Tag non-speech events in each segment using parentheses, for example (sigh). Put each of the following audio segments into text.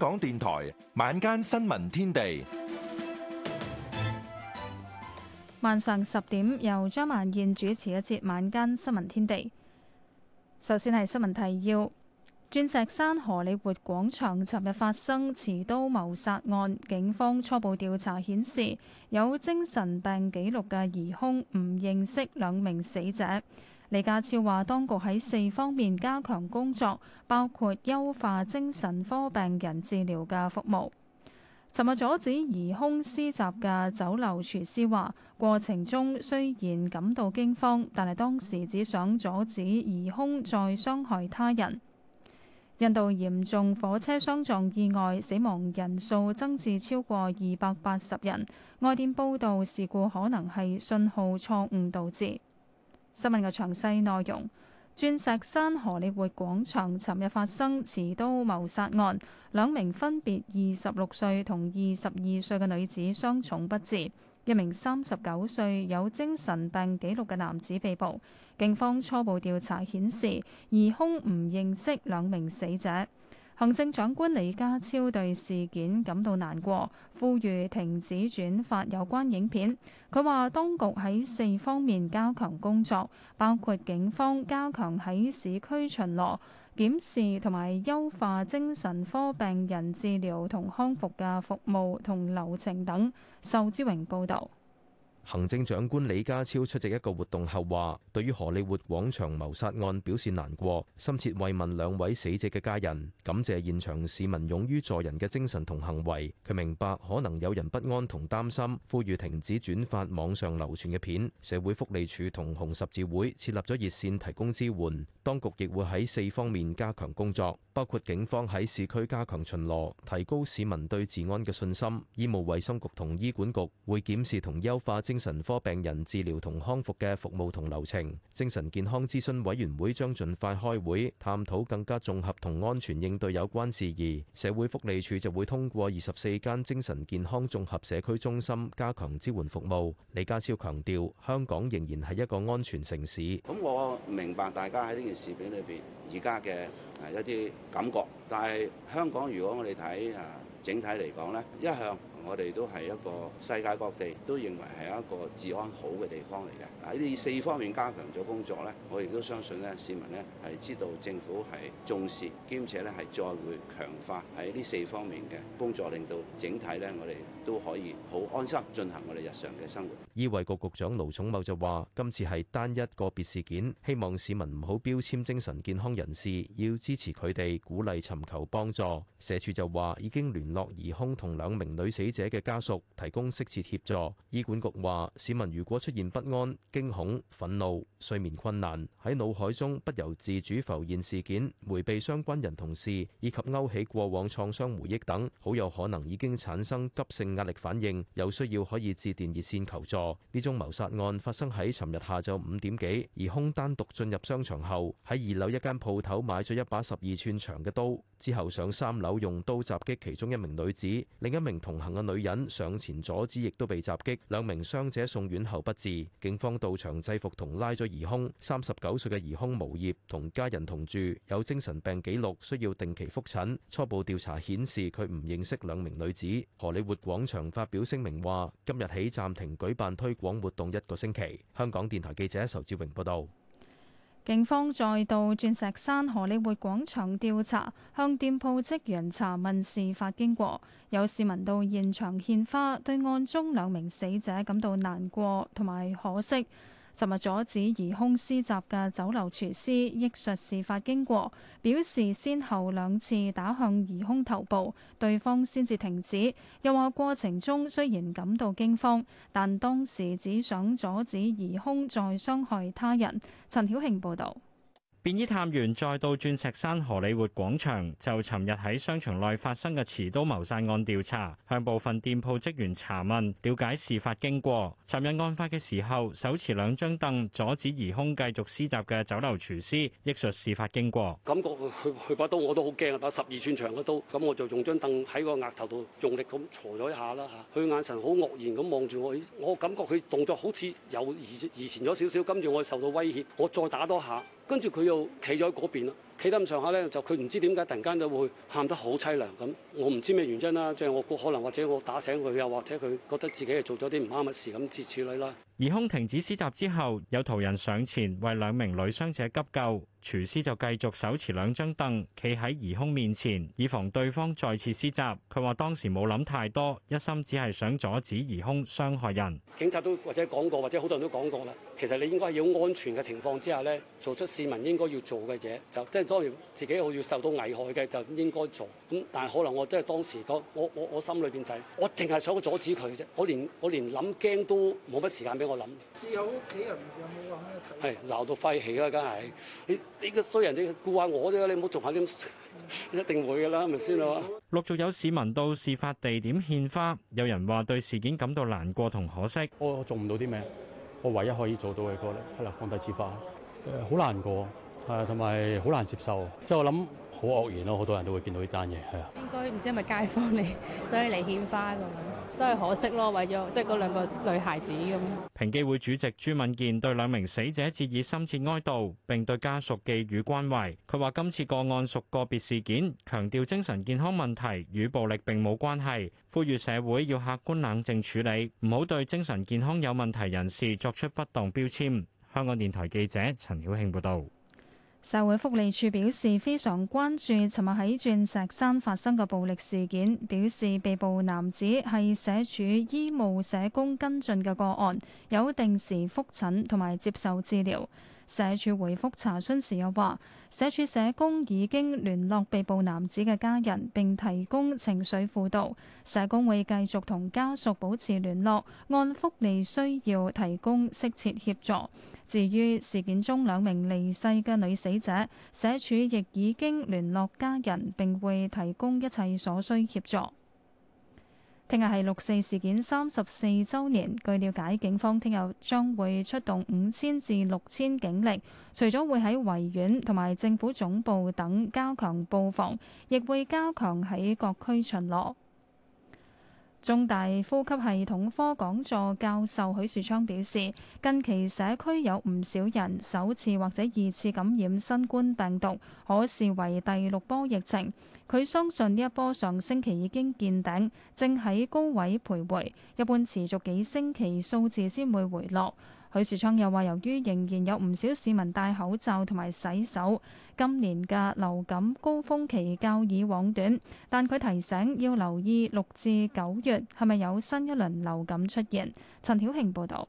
港電台晚間新聞天地，晚上十點由張曼燕主持一節晚間新聞天地。首先係新聞提要：鑽石山荷里活廣場尋日發生持刀謀殺案，警方初步調查顯示有精神病紀錄嘅疑兇唔認識兩名死者。李家超話，當局喺四方面加強工作，包括優化精神科病人治療嘅服務。尋日阻止疑兇施襲嘅酒樓廚師話，過程中雖然感到驚慌，但係當時只想阻止疑兇再傷害他人。印度嚴重火車相撞意外，死亡人數增至超過二百八十人。外電報道，事故可能係信號錯誤導致。新聞嘅詳細內容：鑽石山荷里活廣場尋日發生持刀謀殺案，兩名分別二十六歲同二十二歲嘅女子傷重不治，一名三十九歲有精神病記錄嘅男子被捕。警方初步調查顯示，疑兇唔認識兩名死者。行政長官李家超對事件感到難過，呼籲停止轉發有關影片。佢話，當局喺四方面加強工作，包括警方加強喺市區巡邏、檢視同埋優化精神科病人治療同康復嘅服務同流程等。仇志榮報導。行政長官李家超出席一個活動後話，對於荷里活廣場謀殺案表示難過，深切慰問兩位死者嘅家人，感謝現場市民勇於助人嘅精神同行為。佢明白可能有人不安同擔心，呼籲停止轉發網上流傳嘅片。社會福利署同紅十字會設立咗熱線提供支援，當局亦會喺四方面加強工作，包括警方喺市區加強巡邏，提高市民對治安嘅信心。醫務衛生局同醫管局會檢視同優化。精神科病人治療同康復嘅服務同流程，精神健康諮詢委員會將盡快開會，探討更加綜合同安全應對有關事宜。社會福利署就會通過二十四間精神健康綜合社區中心，加強支援服務。李家超強調，香港仍然係一個安全城市。咁我明白大家喺呢件事件裏邊而家嘅一啲感覺，但係香港如果我哋睇啊整體嚟講咧，一向，我哋都係一個世界各地都認為係一個治安好嘅地方嚟嘅。喺呢四方面加強咗工作咧，我亦都相信咧，市民咧係知道政府係重視，兼且咧係再會強化喺呢四方面嘅工作，令到整體咧我哋都可以好安心進行我哋日常嘅生活。醫衞局局長盧寵茂就話：今次係單一個別事件，希望市民唔好標籤精神健康人士，要支持佢哋，鼓勵尋求幫助。社署就話已經聯絡疑兇同兩名女死者嘅家屬提供適切協助。醫管局話，市民如果出現不安、驚恐、憤怒、睡眠困難、喺腦海中不由自主浮現事件、回避相關人同事以及勾起過往創傷回憶等，好有可能已經產生急性壓力反應。有需要可以致電熱線求助。呢宗謀殺案發生喺尋日下晝五點幾，疑兇單獨進入商場後，喺二樓一間鋪頭買咗一把十二寸長嘅刀。之後上三樓用刀襲擊其中一名女子，另一名同行嘅女人上前阻止，亦都被襲擊。兩名傷者送院後不治。警方到場制服同拉咗疑兇。三十九歲嘅疑兇無業，同家人同住，有精神病記錄，需要定期覆診。初步調查顯示佢唔認識兩名女子。荷里活廣場發表聲明話：今日起暫停舉辦推廣活動一個星期。香港電台記者仇志榮報道。警方再到鑽石山荷里活廣場調查，向店鋪職員查問事發經過。有市民到現場獻花，對案中兩名死者感到難過，同埋可惜。昨日阻止疑凶施襲嘅酒樓廚師憶述事發經過，表示先後兩次打向疑凶頭部，對方先至停止。又話過程中雖然感到驚慌，但當時只想阻止疑凶再傷害他人。陳曉慶報道。便衣探員再到鑽石山荷里活廣場，就尋日喺商場內發生嘅持刀謀殺案調查，向部分店鋪職員查問，了解事發經過。尋日案發嘅時候，手持兩張凳阻止疑兇繼續施襲嘅酒樓廚師，憶述事發經過。感覺佢佢把刀，我都好驚啊！把十二寸長嘅刀，咁我就用張凳喺個額頭度用力咁鋤咗一下啦。吓，佢眼神好愕然咁望住我，我感覺佢動作好似有移移前咗少少，跟住我受到威脅，我再打多下。跟住佢又企咗喺嗰邊啦。企得咁上下咧，就佢唔知點解突然間就會喊得好淒涼咁，我唔知咩原因啦。即係我估可能或者我打醒佢，又或者佢覺得自己係做咗啲唔啱嘅事咁，接處理啦。疑兇停止施襲之後，有途人上前為兩名女傷者急救，廚師就繼續手持兩張凳，企喺疑兇面前，以防對方再次施襲。佢話當時冇諗太多，一心只係想阻止疑兇傷害人。警察都或者講過，或者好多人都講過啦。其實你應該喺好安全嘅情況之下咧，做出市民應該要做嘅嘢，就即係。當然自己好要受到危害嘅就應該做咁，但係可能我真係當時講，我我我心裏邊就係、是、我淨係想阻止佢啫，我連我連諗驚都冇乜時間俾我諗。試下屋企人有冇話咩？係鬧到廢氣啦，梗係你你個衰人，你顧下我啫，你唔好做下啲咁， (laughs) 你一定會㗎啦，係咪先啦？陸續有市民到事發地點獻花，有人話對事件感到難過同可惜。我，我做唔到啲咩？我唯一可以做到嘅嗰啲係啦，放低鮮花。誒、呃，好難過。誒同埋好難接受，即係我諗好愕然咯，好多人都會見到呢單嘢，係啊。應該唔知係咪街坊嚟，所以嚟獻花咁樣，都係可惜咯，為咗即係嗰兩個女孩子咁。平機會主席朱敏健對兩名死者致以深切哀悼，並對家屬寄予關懷。佢話今次個案屬個別事件，強調精神健康問題與暴力並冇關係，呼籲社會要客觀冷靜處理，唔好對精神健康有問題人士作出不當標籤。香港電台記者陳曉慶報導。社會福利署表示非常關注尋日喺鑽石山發生嘅暴力事件，表示被捕男子係社署醫務社工跟進嘅個案，有定時覆診同埋接受治療。社署回覆查詢時又話，社署社工已經聯絡被捕男子嘅家人，並提供情緒輔導。社工會繼續同家屬保持聯絡，按福利需要提供適切協助。至於事件中兩名離世嘅女死者，社署亦已經聯絡家人，並會提供一切所需協助。聽日係六四事件三十四周年，據了解，警方聽日將會出動五千至六千警力，除咗會喺維園同埋政府總部等加強佈防，亦會加強喺各區巡邏。中大呼吸系統科講座教授許樹昌表示，近期社區有唔少人首次或者二次感染新冠病毒，可視為第六波疫情。佢相信呢一波上星期已經見頂，正喺高位徘徊，一般持續幾星期數字先會回落。許樹昌又話，由於仍然有唔少市民戴口罩同埋洗手，今年嘅流感高峰期較以往短，但佢提醒要留意六至九月係咪有新一輪流感出現。陳曉慶報導。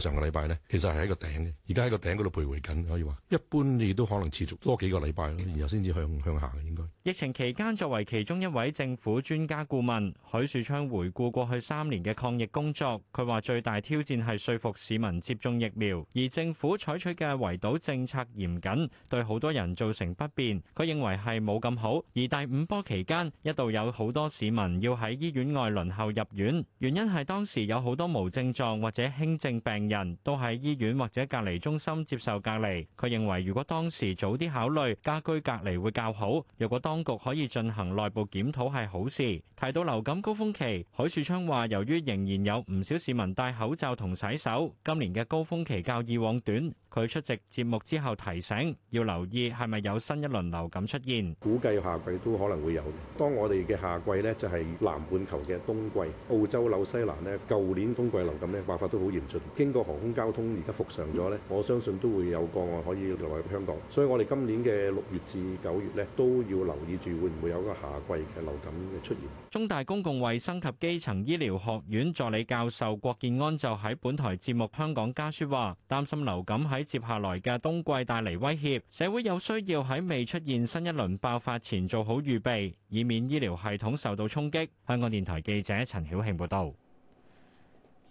上個禮拜呢，其實係喺個頂嘅，而家喺個頂嗰度徘徊緊，可以話一般亦都可能持續多幾個禮拜咯，然後先至向向下嘅應該。疫情期間作為其中一位政府專家顧問，許樹昌回顧過去三年嘅抗疫工作，佢話最大挑戰係説服市民接種疫苗，而政府採取嘅圍堵政策嚴謹，對好多人造成不便，佢認為係冇咁好。而第五波期間一度有好多市民要喺醫院外輪候入院，原因係當時有好多無症狀或者輕症病人都喺醫院或者隔離中心接受隔離。佢認為如果當時早啲考慮家居隔離會較好。若果當局可以進行內部檢討係好事。提到流感高峯期，許樹昌話：由於仍然有唔少市民戴口罩同洗手，今年嘅高峯期較以往短。佢出席節目之後提醒，要留意係咪有新一輪流感出現。估計夏季都可能會有。當我哋嘅夏季咧，就係南半球嘅冬季。澳洲紐西蘭咧，舊年冬季流感咧，爆發都好嚴峻。經過。航空交通而家復常咗咧，我相信都會有個案可以來到香港，所以我哋今年嘅六月至九月咧，都要留意住會唔會有個夏季嘅流感嘅出現。中大公共衞生及基層醫療學院助理教授郭建安就喺本台節目《香港家書》話，擔心流感喺接下來嘅冬季帶嚟威脅，社會有需要喺未出現新一輪爆發前做好預備，以免醫療系統受到衝擊。香港電台記者陳曉慶報道。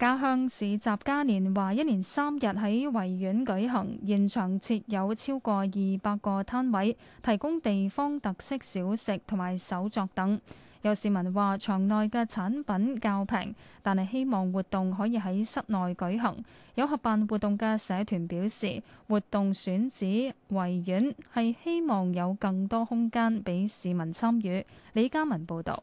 家鄉市集嘉年華一連三日喺維園舉行，現場設有超過二百個攤位，提供地方特色小食同埋手作等。有市民話：場內嘅產品較平，但係希望活動可以喺室內舉行。有合辦活動嘅社團表示，活動選址維園係希望有更多空間俾市民參與。李嘉文報導。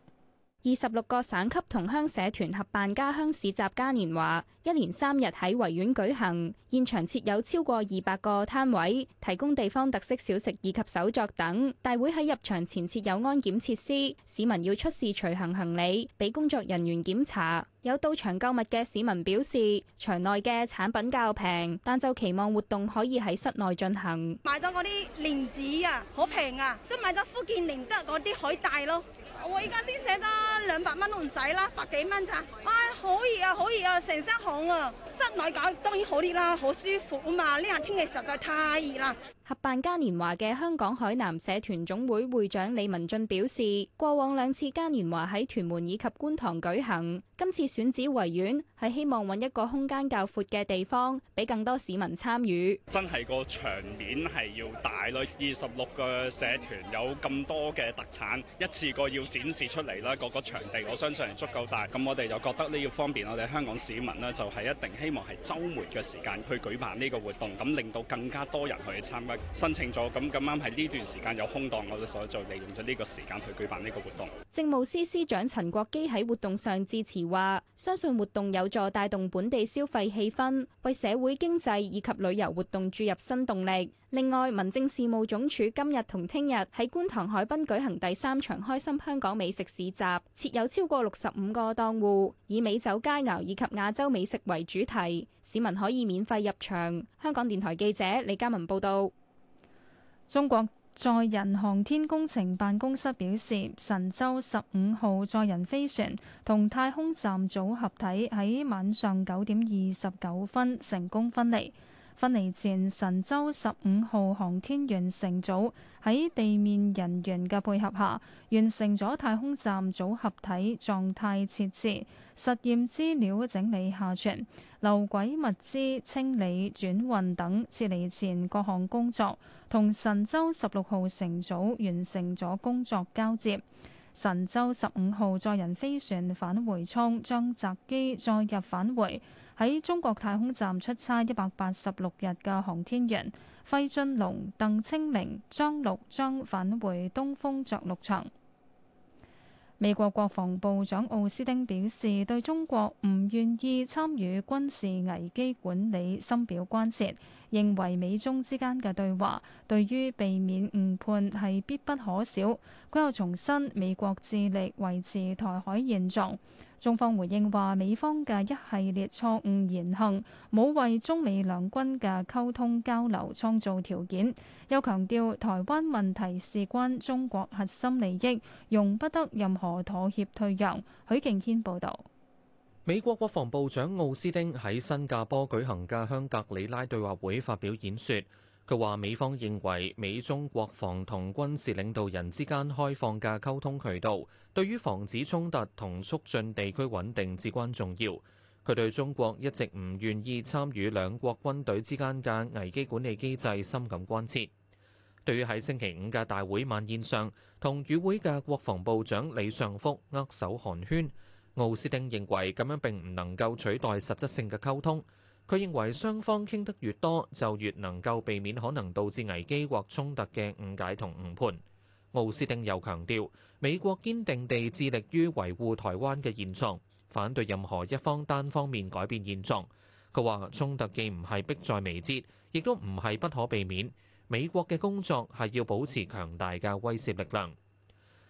二十六個省級同鄉社團合辦家鄉市集嘉年華，一連三日喺維園舉行，現場設有超過二百個攤位，提供地方特色小食以及手作等。大會喺入場前設有安檢設施，市民要出示隨行行李俾工作人員檢查。有到場購物嘅市民表示，場內嘅產品較平，但就期望活動可以喺室內進行。買咗嗰啲蓮子啊，好平啊，都買咗福建寧德嗰啲海帶咯。我依家先寫咗兩百蚊都唔使啦，百幾蚊咋？哎好熱啊，好熱啊，成身汗啊！室內搞當然好啲啦，好舒服啊嘛！呢下天氣實在太熱啦。合辦嘉年華嘅香港海南社團總會會長李文俊表示，過往兩次嘉年華喺屯門以及觀塘舉行，今次選址維園係希望揾一個空間較闊嘅地方，俾更多市民參與。真係個場面係要大咯！二十六個社團有咁多嘅特產，一次過要展示出嚟啦，個個場地我相信係足夠大，咁我哋就覺得呢。方便我哋香港市民呢，就係一定希望係周末嘅時間去舉辦呢個活動，咁令到更加多人去參加。申請咗咁，咁啱喺呢段時間有空檔，我哋所以就利用咗呢個時間去舉辦呢個活動。政務司司長陳國基喺活動上致辭話，相信活動有助帶動本地消費氣氛，為社會經濟以及旅遊活動注入新動力。另外，民政事務總署今日同聽日喺觀塘海濱舉行第三場開心香港美食市集，設有超過六十五個檔戶，以美酒佳餚以及亞洲美食為主題，市民可以免費入場。香港電台記者李嘉文報道。中國載人航天工程辦公室表示，神舟十五號載人飛船同太空站組合體喺晚上九點二十九分成功分離。分離前，神舟十五號航天員乘組喺地面人員嘅配合下，完成咗太空站組合體狀態設置、實驗資料整理下傳、留軌物資清理轉運等撤離前各項工作，同神舟十六號乘組完成咗工作交接。神舟十五號載人飛船返回艙將擇機載入返回。喺中國太空站出差一百八十六日嘅航天員費俊龍、鄧清明、張陸將返回東風着陸場。美國國防部長奧斯汀表示，對中國唔願意參與軍事危機管理深表關切。認為美中之間嘅對話對於避免誤判係必不可少。佢又重申美國致力維持台海現狀。中方回應話，美方嘅一系列錯誤言行，冇為中美兩軍嘅溝通交流創造條件，又強調台灣問題事關中國核心利益，容不得任何妥協退讓。許敬軒報導。美國國防部長奧斯丁喺新加坡舉行嘅香格里拉對話會發表演說，佢話美方認為美中國防同軍事領導人之間開放嘅溝通渠道，對於防止衝突同促進地區穩定至關重要。佢對中國一直唔願意參與兩國軍隊之間嘅危機管理機制深感關切。對於喺星期五嘅大會晚宴上，同與會嘅國防部長李尚福握手寒暄。奧斯汀認為咁樣並唔能夠取代實質性嘅溝通。佢認為雙方傾得越多，就越能夠避免可能導致危機或衝突嘅誤解同誤判。奧斯汀又強調，美國堅定地致力於維護台灣嘅現狀，反對任何一方單方面改變現狀。佢話衝突既唔係迫在眉睫，亦都唔係不可避免。美國嘅工作係要保持強大嘅威懾力量。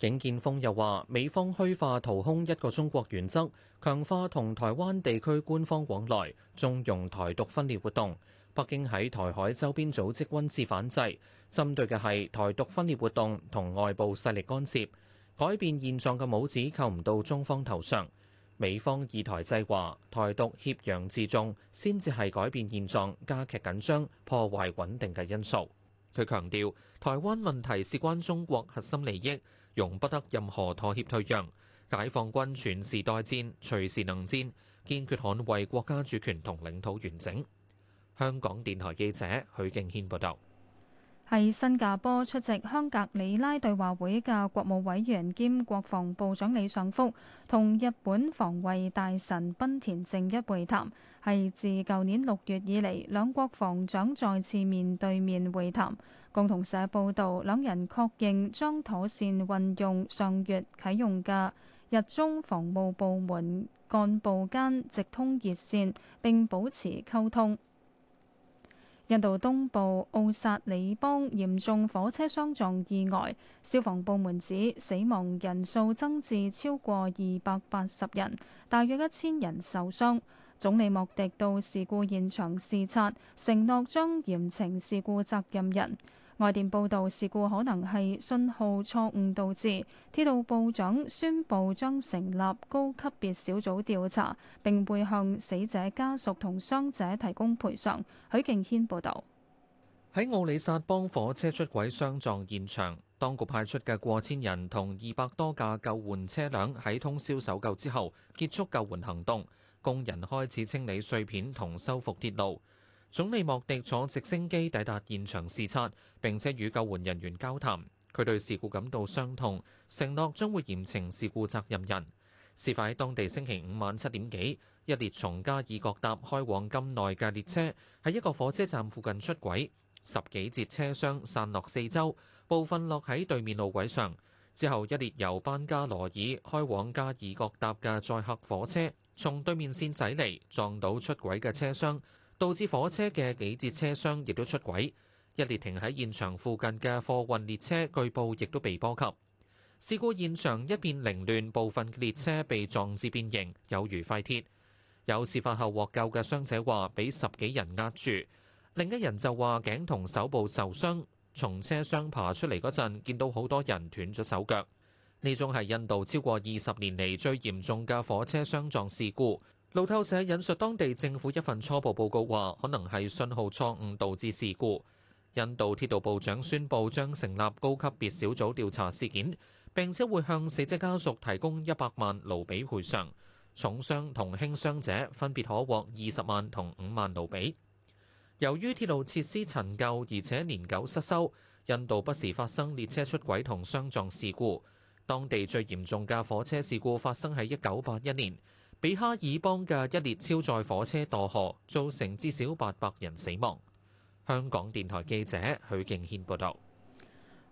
景建峰又話：美方虛化、掏空一個中國原則，強化同台灣地區官方往來，縱容台獨分裂活動。北京喺台海周邊組織軍事反制，針對嘅係台獨分裂活動同外部勢力干涉，改變現狀嘅帽子扣唔到中方頭上。美方以台制華，台獨協洋自重，先至係改變現狀、加劇緊張、破壞穩定嘅因素。佢強調，台灣問題事關中國核心利益。容不得任何妥協退讓，解放軍全時待戰，隨時能戰，堅決捍衛國家主權同領土完整。香港電台記者許敬軒報道。喺新加坡出席香格里拉對話會嘅國務委員兼國防部長李尚福同日本防衛大臣賓田正一會談，係自舊年六月以嚟兩國防長再次面對面會談。共同社報導，兩人確認將妥善運用上月啟用嘅日中防務部門幹部間直通熱線，並保持溝通。印度東部奧薩里邦嚴重火車相撞意外，消防部門指死亡人數增至超過二百八十人，大約一千人受傷。總理莫迪到事故現場視察，承諾將嚴懲事故責任人。外電報道，事故可能係信號錯誤導致。鐵道部長宣布將成立高級別小組調查，並會向死者家屬同傷者提供賠償，許敬軒報道。喺奧里薩邦火車出軌相撞現場，當局派出嘅過千人同二百多架救援車輛喺通宵搜救之後，結束救援行動，工人開始清理碎片同修復鐵路。總理莫迪坐直升機抵達現場視察，並且與救援人員交談。佢對事故感到傷痛，承諾將會嚴懲事故責任人。事發喺當地星期五晚七點幾，一列從加爾各答開往金奈嘅列車喺一個火車站附近出軌，十幾節車廂散落四周，部分落喺對面路軌上。之後，一列由班加羅爾開往加爾各答嘅載客火車從對面線駛嚟，撞到出軌嘅車廂。導致火車嘅幾節車廂亦都出軌，一列停喺現場附近嘅貨運列車據報亦都被波及。事故現場一片凌亂，部分列車被撞至變形，有如廢鐵。有事發後獲救嘅傷者話俾十幾人壓住；另一人就話頸同手部受傷，從車廂爬出嚟嗰陣，見到好多人斷咗手腳。呢宗係印度超過二十年嚟最嚴重嘅火車相撞事故。路透社引述當地政府一份初步報告話，可能係信號錯誤導致事故。印度鐵道部長宣布將成立高級別小組調查事件，並且會向死者家屬提供一百萬盧比賠償，重傷同輕傷者分別可獲二十萬同五萬盧比。由於鐵路設施陳舊而且年久失修，印度不時發生列車出軌同相撞事故。當地最嚴重嘅火車事故發生喺一九八一年。比哈爾邦嘅一列超載火車墮河，造成至少八百人死亡。香港電台記者許敬軒報道。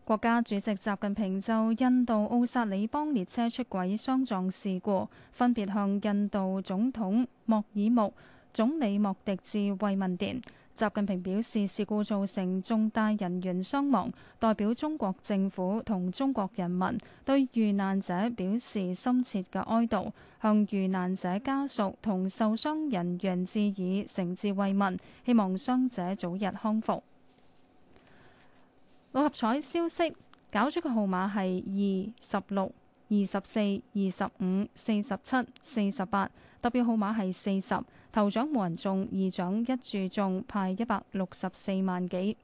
國家主席習近平就印度奧薩里邦列車出軌相撞事故，分別向印度總統莫爾木、總理莫迪致慰問電。習近平表示，事故造成重大人員傷亡，代表中國政府同中國人民對遇難者表示深切嘅哀悼，向遇難者家屬同受傷人員致以誠摯慰問，希望傷者早日康復。六合彩消息，攪出嘅號碼係二十六、二十四、二十五、四十七、四十八。特別號碼係四十，頭獎冇人中，二獎一注中，派一百六十四萬幾。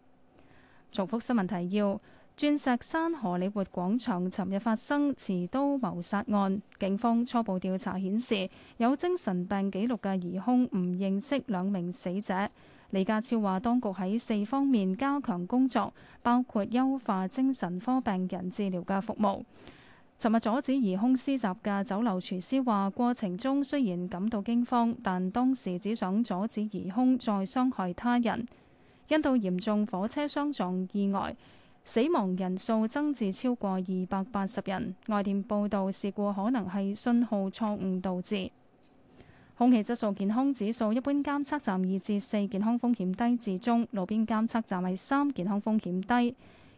重複新聞提要：鑽石山荷里活廣場尋日發生持刀謀殺案，警方初步調查顯示，有精神病記錄嘅疑凶唔認識兩名死者。李家超話，當局喺四方面加強工作，包括優化精神科病人治療嘅服務。尋日阻止疑兇施襲嘅酒樓廚師話：過程中雖然感到驚慌，但當時只想阻止疑兇再傷害他人。印度嚴重火車相撞意外，死亡人數增至超過二百八十人。外電報道，事故可能係信號錯誤導致。空氣質素健康指數一般監測站二至四，健康風險低至中；路邊監測站係三，健康風險低。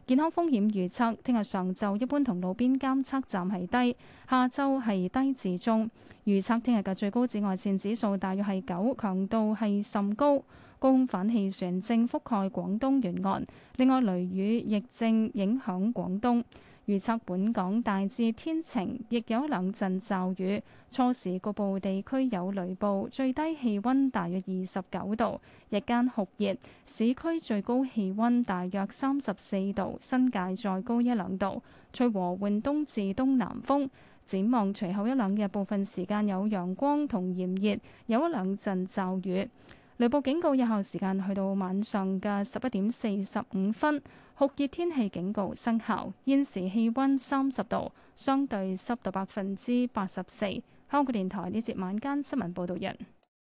健康風險預測，聽日上晝一般同路邊監測站係低，下晝係低至中。預測聽日嘅最高紫外線指數大約係九，強度係甚高。高空反氣旋正覆蓋廣東沿岸，另外雷雨亦正影響廣東。預測本港大致天晴，亦有一兩陣驟雨，初時局部地區有雷暴，最低氣温大約二十九度，日間酷熱，市區最高氣温大約三十四度，新界再高一兩度，吹和緩東至東南風。展望隨後一兩日，部分時間有陽光同炎熱，有一兩陣驟雨。雷暴警告有效時間去到晚上嘅十一點四十五分，酷熱天氣警告生效。現時氣溫三十度，相對濕度百分之八十四。香港電台呢節晚間新聞報道人。